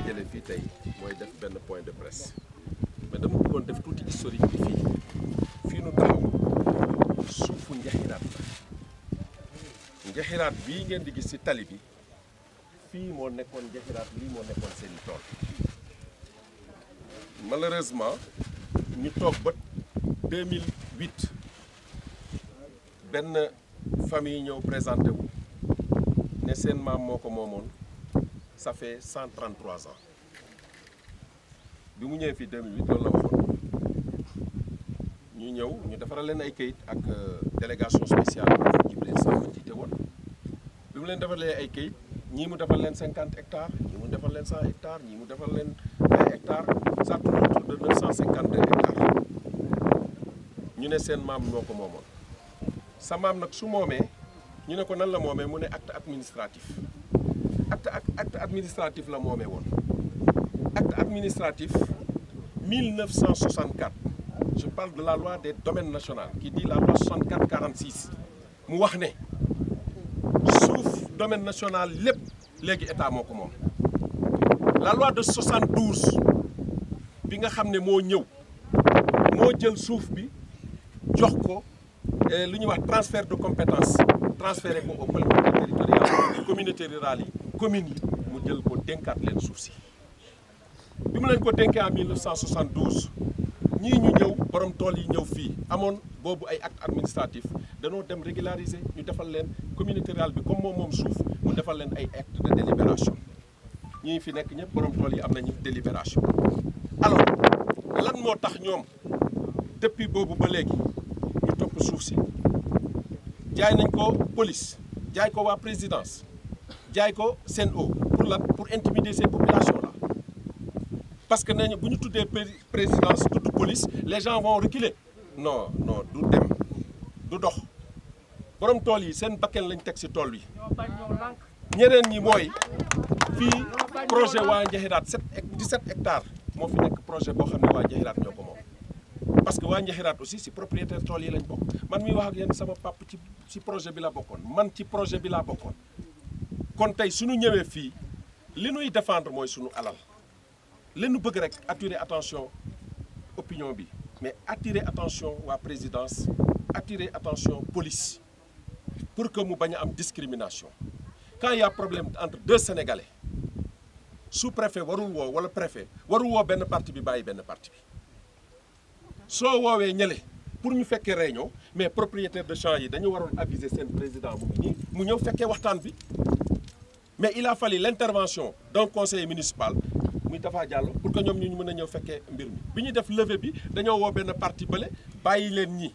dajale fii tey mooy def benn point de presse mais dama def tuuti historique fii fii nu taxaw suufu njaxiraat la njaxiraat bii ngeen di gis ci tali bi fii moo nekkoon njaxiraat lii moo nekkoon seeni i tool malheureusement ñu toog ba 2008 benn famille ñëw présenté wu ne seen maam moo ko moomoon ça fait 133 ans bi mu ñëwee fii 2008 loolu la waxoon ñu ñëw ñu defaral leen ay kayit ak euh, délégation spéciale Djibril Samba jiite woon bi mu leen defalee ay kayit ñii mu defal leen 50 hectares ñii mu defal leen 100 hectares ñii mu defal leen 20 hectares ça tourne autour de 952 ñu ne seen maam moo ko moomoon sa maam nag su moomee ñu ne ko nan la moomee mu ne acte administratif acte acte administratif la moomee woon acte administratif 1964 je parle de la loi des domaines nationaux ki dit la loi 64 46 mu wax ne suuf domaine national lépp léegi état moo ko moom la loi de 72 bi nga xam ne moo ñëw moo jël suuf bi jox ko eh, li ñuy wax transfert de compétence transféré ko au pôle territorial communauté rurale yi commune yi mu jël ko dénkaat leen suuf si bi mu leen ko dénkee en 1972 ñii ñu ñëw borom tool yi ñëw fii amoon boobu ay acte administratif danoo dem régulariser ñu defal leen communauté rurale bi comme moom moom suuf mu defal leen ay acte de délibération ñii fi nekk ñëpp borom tool yi am nañu délibération alors lan moo tax ñoom depuis boobu ba léegi ñu topp suuf si jaay nañ ko police jaay ko waa présidence jaay ko seen o pour la pour intimider ces populations là parce que nee ñu bu ñu tuddee présidence tudd police les gens vont reculer no non du dem du dox borom tool yi seen bakken lañ teg ci tool yi ñeneen ñi mooy fii projet waa Njaxiraat sept dix-sept hectares moo fi nekk projet boo xam ne waa Njaxiraat ñoo ko moom parce que waa Njaxiraat aussi ci propriétaire tool yi lañ bokk man mi wax ak yéen sama pap ci ci projet bi la bokkoon man ci projet bi laa bokkoon kon tey suñu ñëwee fii li nuy défendre mooy suñu alal li bëgg rek attirer attention opinion bi mais attirer attention waa présidence attirer attention police pour que mu bañ a am discrimination quand il y problème entre de sénégalais su préfet warul woo wala préfet warul woo benn parti bi bàyyi benn parti bi soo woowee ñële pour ñu fekkee réunion mais propriétaire de champs yi dañu waroon aviser seen président mu ngi nii mu ñëw fekkee waxtaan bi mais il a fallu l' intervention d'un conseiller municipal muy Tafa Diallo pour que ñoom ñu mën a ñëw fekkee mbir mi bi ñu def lever bi dañoo woo benn parti bële bàyyi leen ñi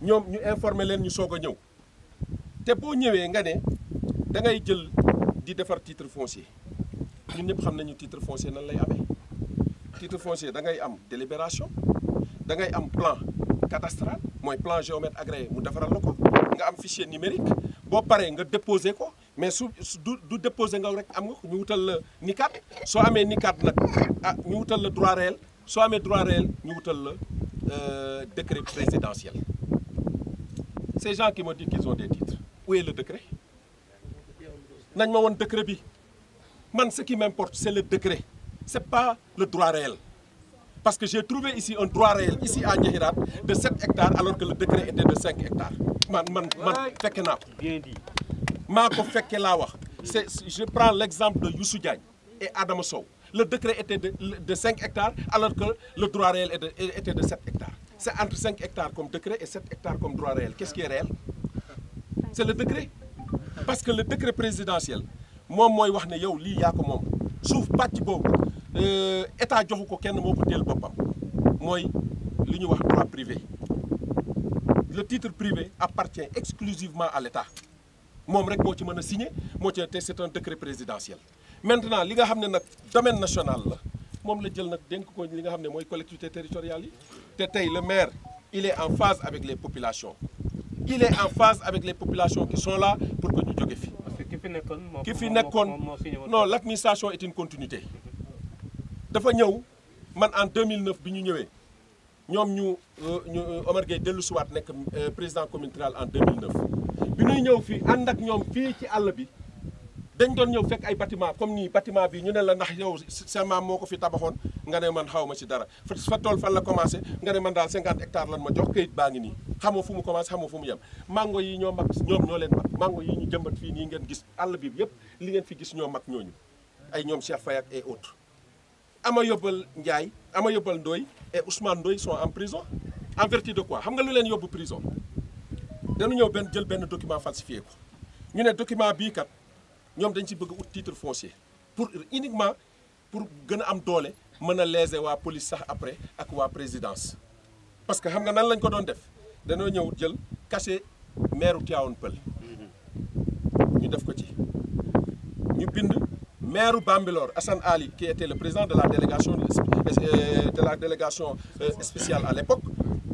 ñoom ñu informer leen ñu soog a ñëw te boo ñëwee nga ne da ngay jël di defar tiitre foncier ñun ñëpp xam nañu titre foncier nan lay amee titre foncier da ngay am délibération dangay am plan cadastral mooy plan géomètre agréé mu defaral la ko nga am fichier numérique boo paree nga déposé ko mais su du du déposé nga rek am nga ñu wutal la niqaat soo amee niqaat nag ah ñu wutal la droit réel soo amee droit réel ñu wutal la euh, décret présidentiel ces gens qui me disent qu'ils ont des titres où est le décret nañ ma woon décret bi man ce qui m'importe c'est le décret c'est pas le droit réel parce que j'ai trouvé ici un droit réel ici à Ndiakhirate de 7 hectares alors que le décret était de 5 hectares man man man naa ko maa ko fekkee laa wax c'est je prends l'exemple de Youssou Diagne et Adama Sow le décret était de cinq hectares alors que le droit réel était de sept hectares c'est entre cinq hectares comme décret et sept hectares comme droit réel qu'est-ce qui réel c'est le décret parce que le décret présidentiel moom mooy wax ne yow lii yaa ko moom suuf pàcc boobu euh, état joxu ko kenn moo ko teel boppam mooy li ñuy wax droit privé le titre privé appartient exclusivement à l'État moom rek moo ci mën a signé moo ci te c'est un décret présidentiel maintenant li nga xam ne nag domaine national la moom la jël nag dénk ko li nga xam ne mooy collectivité territoriale yi te tey le maire il est en phase avec les populations il est en phase avec les populations qui sont là pour que ñu jóge fi ki fi nekkoon non l'administration est une continuité dafa ñëw man en 2009 bi ñu ñëwee ñoom ñu euh, ñu euh, Omar Gueye siwaat nekk euh, président communal en 2009 bi ñuy ñëw fii ànd ak ñoom fii ci àll bi dañ doon ñëw fekk ay bâtiment comme nii bâtiment bi ñu ne la ndax yow sa maam moo ko fi tabaxoon nga ne man xaw ma ci dara fa tool fan la commencé nga ne man daal 50 hectares lan ma jox këyit baa ngi nii xamoo fu mu commencé xamoo fu mu yem mango yi ñoo mag ñoom ñoo leen mag mango yi ñu jëmbat fii nii ngeen gis àll bi yëpp li ngeen fi gis ñoo mag ñooñu ay ñoom Cheikh Faye ak et autres ama yóbbal Ndiaye ama yóbbal Ndoye et Ousmane Ndoye sont en prison en xam nga lu leen yóbbu prison dañu ñëw benn jël benn document falsifié ñu ne document bii kat ñoom dañ ci bëgg ut titre foncier pour iniquement pour gën a am doole mën a léser waa police sax après ak waa présidence parce que xam nga nan lañ ko doon def dañoo ñëw jël cachet maire Tivaouane Peulh mhm. ñu def ko ci ñu bind maire Bambilor Assane Ali qui était le président de la délégation de euh, la délégation euh, spéciale à l'époque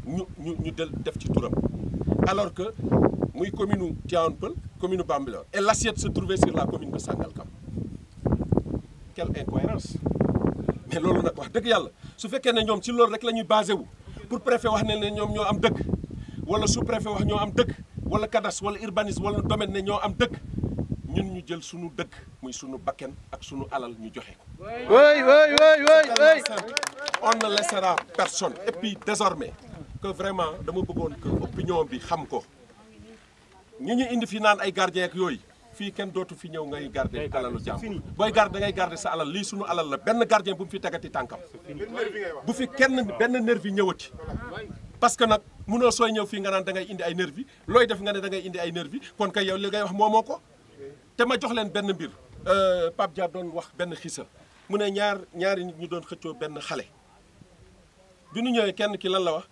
ñu ñu ñu def ci turam alors que muy commune u commune u Bambilor et l'assiette se trouvait sur la commune de Sangalkam quelle mais loolu nag wax dëgg yàlla su fekkee ne ñoom ci loolu rek la ñuy basé wu pour préfet wax ne ne ñoom ñoo am dëkk wala sous préfet wax ñoo am dëkk wala cadastre wala urbanisme wala domaine ne ñoo am dëkk ñun ñu jël suñu dëkk muy sunu bakken ak sunu alal ñu joxe ko. oui oui oui oui on ne laissera personne et puis désormais que vraiment dama bëggoon que opinion bi xam ko ñi ñu indi fi naan ay gardien ak yooyu fii kenn dootu fi ñëw ngay garder alalu jàmm booy garder dangay garder sa alal lii sunu alal la benn gardien bu mu fi tegati tànkam bu fi kenn benn nervi ñëwati parce que nag munoo sooy ñëw fii nga naan dangay indi ay nervi looy def nga ne da indi ay nervi kon kay yow li ngay wax moomoo ko te ma jox leen benn mbir euh, Pape Dia doon wax benn xisa mu ne ñaar ñaari nit ñu doon xëccoo benn xale bi nu kenn ki lan la wax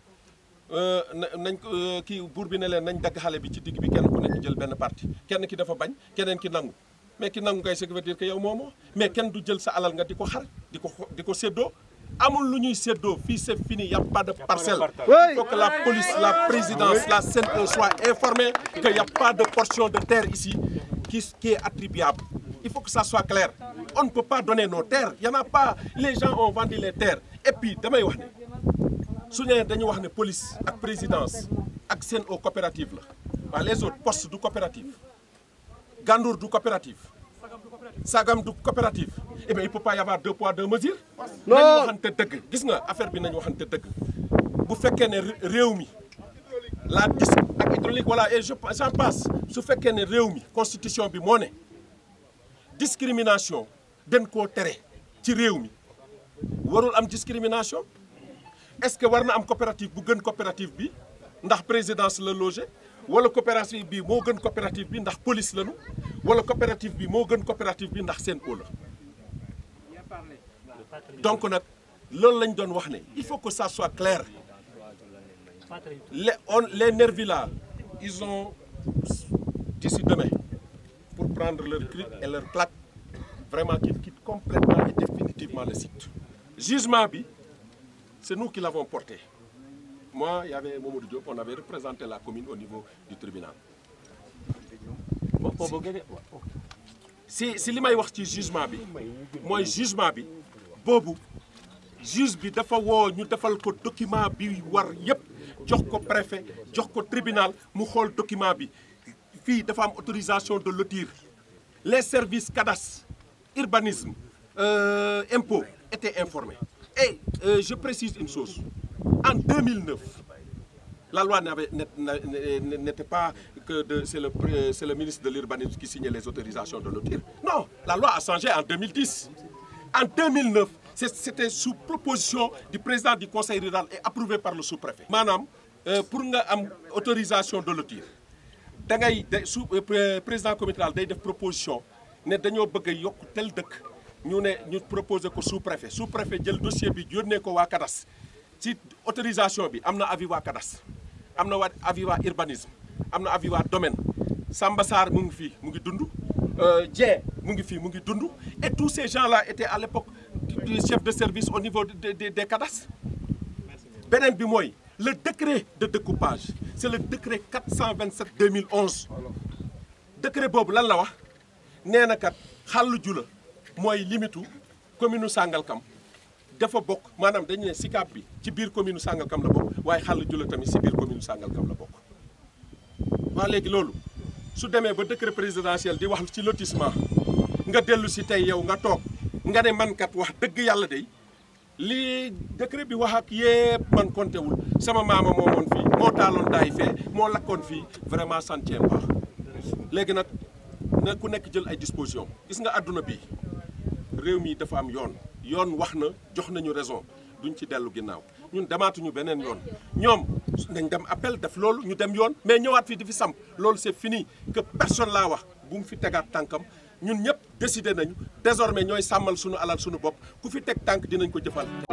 Euh, nañ euh, kii buur bi ne leen nañ dagg xale bi ci digg bi kenn ku ñu jël benn parti kenn ki dafa bañ keneen ki nangu mais ki nangu kay ce qui veut dire que moomoo mais kenn du jël sa alal nga di ko xar di ko di ko séddoo amul lu ñuy séddoo fii c'est fini y a pas de parcelle il faut que la police la présidence la CNE soit informée que y pas de portion de terre ici qui qui est attribuable il faut que ça soit clair on ne peut pas donner nos terres y en a pas les gens ont vendu les terres et puis wax su ñu nee dañu wax ne police ak présidence ak seen eau coopérative la waaye les autres postes du coopérative Gandour du coopérative Sagam du coopérative eh bien il peut pas y avoir deux poids deux mesures. non nañu waxante dëgg gis nga affaire bi nañu waxante dëgg bu fekkee ne réew mi la dis ak hydraulique voilà et je su fekkee ne réew mi constitution bi moo ne discrimination dañ koo tere ci réew mi warul am discrimination. est-ce que war na am coopérative bu gën coopérative bi ndax présidence la logé wala coopérative bi moo gën coopérative bi ndax police lañu wala coopérative bi moo gën coopérative bi ndax Sen'Eau la donc nag loolu lañ doon wax ne il faut que ça soit clair les on les nervis là ils ont d'ici demain pour prendre leur cric et leur plaque vraiment qu'ils quittent complètement et définitivement le bi C'est nous qui porté. Moi, il y représenté la commune au niveau du tribunal. si si li may wax ci jugement bi mooy jugement bi boobu juge bi dafa woo ñu defal ko document bi war yépp jox ko préfet jox ko tribunal mu xool document bi fii dafa am autorisation de lotir les services cadastre urbanisme euh, impo étaient informés Et euh, je précise une chose. En 2009, la loi n'était pas que c'est le, le, ministre de l'Urbanisme qui signait les autorisations de l'OTIR. Non, la loi a en 2010. En 2009, c'était sous proposition du président du conseil rural et approuvé par le sous-préfet. Madame, euh, pour nga am autorisation de l'OTIR, da ngay sous euh, président communal day def proposition ne dañoo bëgg a yokk tel dëkk. ñu ne ñu proposé ko sous préfet sous préfet jël dossier bi yónnee ko waa kadas ci autorisation bi am na avis waa am na waa avis waa am na avis waa domaine Samba Sarr mu ngi fii mu ngi dund euh, Dieng mu ngi fii mu ngi dund et tous ces gens là étaient à l'époque chef de service au niveau des de des kadas beneen bi mooy le décret de découpage c'est le décret 427 2011 décret boobu lan la wax nee na kat xàll ju mooy limitu commune Sangalkam dafa bokk maanaam dañu ne Sicap bi ci biir commune Sangalkam la bokk waaye Xàll Jula tamit ci biir commune Sangalkam la bokk waa léegi loolu su demee ba décret présidentiel di wax ci lotissement nga dellu si tey yow nga toog nga ne man kat wax dëgg yàlla de lii décret bi wax ak yépp man compté wul sama maama moomoon fii moo taaloon daay fee moo lakkoon fii vraiment sant baax léegi nag na ku nekk jël ay disposition gis nga àdduna bi réew mii dafa am yoon yoon wax na jox nañu raison duñ ci dellu ginnaaw ñun demaatuñu beneen yoon ñoom nañ dem appel def loolu ñu dem yoon mais ñëwaat fii di fi loolu loolu fi fini que personne laa wax bu mu fi tegaat tànkam ñun ñëpp décidé nañu désormais ñooy sàmmal suñu alal suñu bopp ku fi teg tànk dinañ ko jëfal